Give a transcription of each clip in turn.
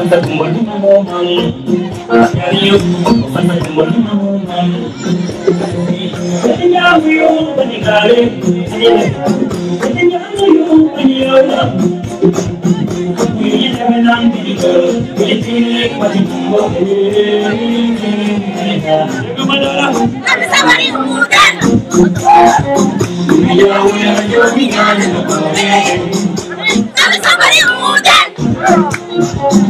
Ofanta kumbalima mo mam Yariyo Ofanta kumbalima mo mam Kanya yo panikare Kanya yo paniyola Kuyile menang dito Kuyile patimbo Kumalala Kami sabari umudan Kaya wala yo bingan Kami sabari umudan Thank you.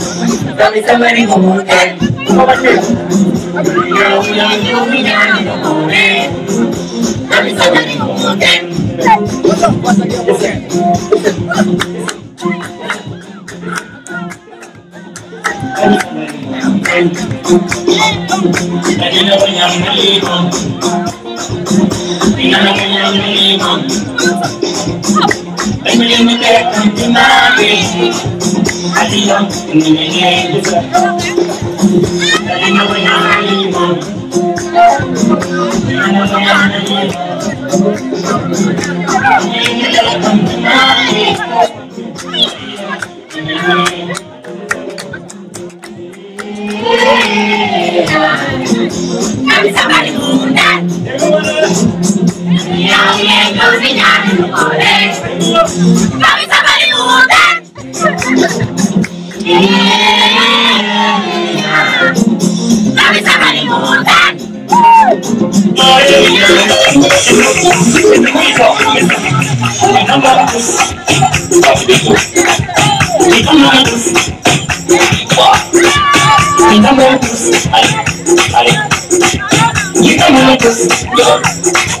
神様に思って飛ばして皆の思って神様に思ってみんなのみんなのみんなの I Somebody Minha orange Camisa marinhuda Camisa marinhuda Quita muertos, ay, ay, quita muertos, yo.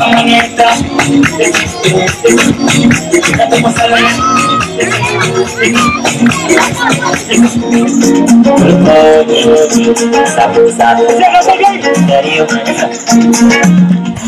amanezca, déjate pasar ¡Se! ¡Se!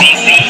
Baby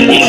Oh, yeah.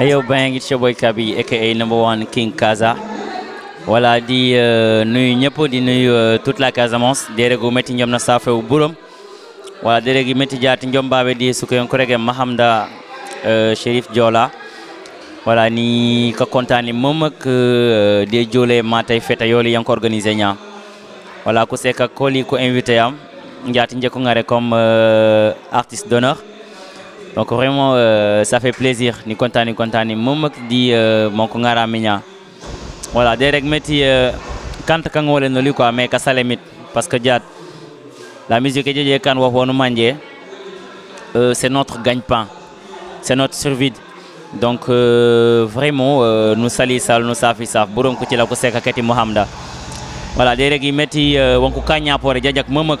Hey yo bang, it's your boy Kabi aka number one King Kaza. Voilà di euh, nuyu ñëpp di nuyu euh, toute la Casamance derego metti ñom na safe wu burom. Voilà deregi metti jaati ñom baabe di sukoyon ko rege Mahamda euh Cherif Diola. ni ko kontaani moom ak euh, de jole ma tay fête yoolu yank organiser ku seka koli ko invité am Ngati Ndjekongare comme euh, artiste d'honneur. Donc vraiment, euh, ça fait plaisir. Ni sommes contents, nous sommes Mom dit mon Kongara Minya. Voilà, des règlements euh, quand kangole voit le quoi, mais ça limite. Parce que la musique est quand on manger, euh, c'est notre gagne-pain, c'est notre survie. Donc euh, vraiment, euh, nous salis ça, nous safi saf. Burum la kuseka keti Muhamda. Voilà, des règlements on ont kanya pour les jajak momak.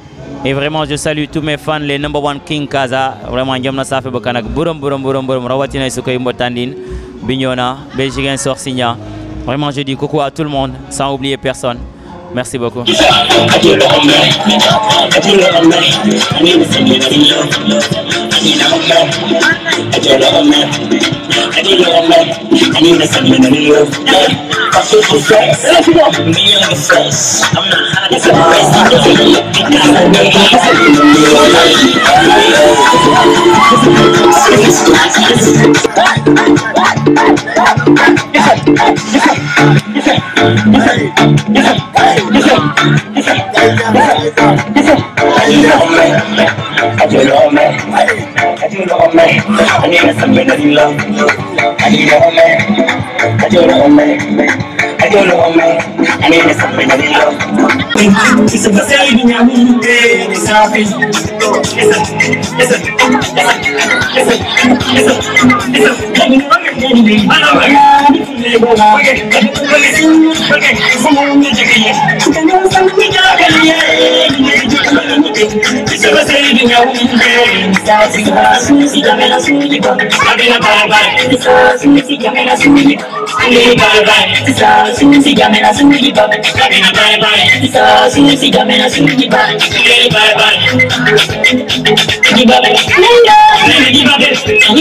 Et vraiment, je salue tous mes fans, les number one King Kaza. Vraiment, je suis burum, je vous burum je vous de Bignona, Vraiment, je dis coucou à tout le monde, sans oublier personne. Merci beaucoup. need love, man. I don't love, man. I need love, love. I need someone I will love, love. I feel so fresh. Me on the fresh. I'm not hot as a fresh. I don't a because I'm gay. I'm not hot as a I a fresh. I need something that you love. I need a man. I do know man. I don't know man. I need something that you love. It's a facility I need to something. Listen, listen, listen, listen, listen, listen. Give up it. Give up it. Give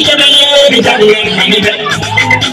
up it. Give up it.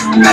Yeah.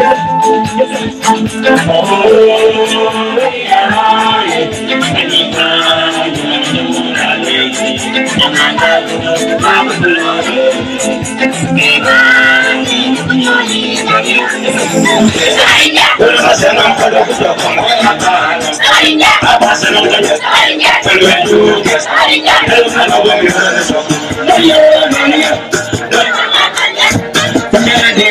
Yeah.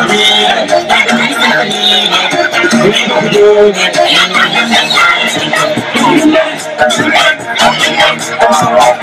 Oh,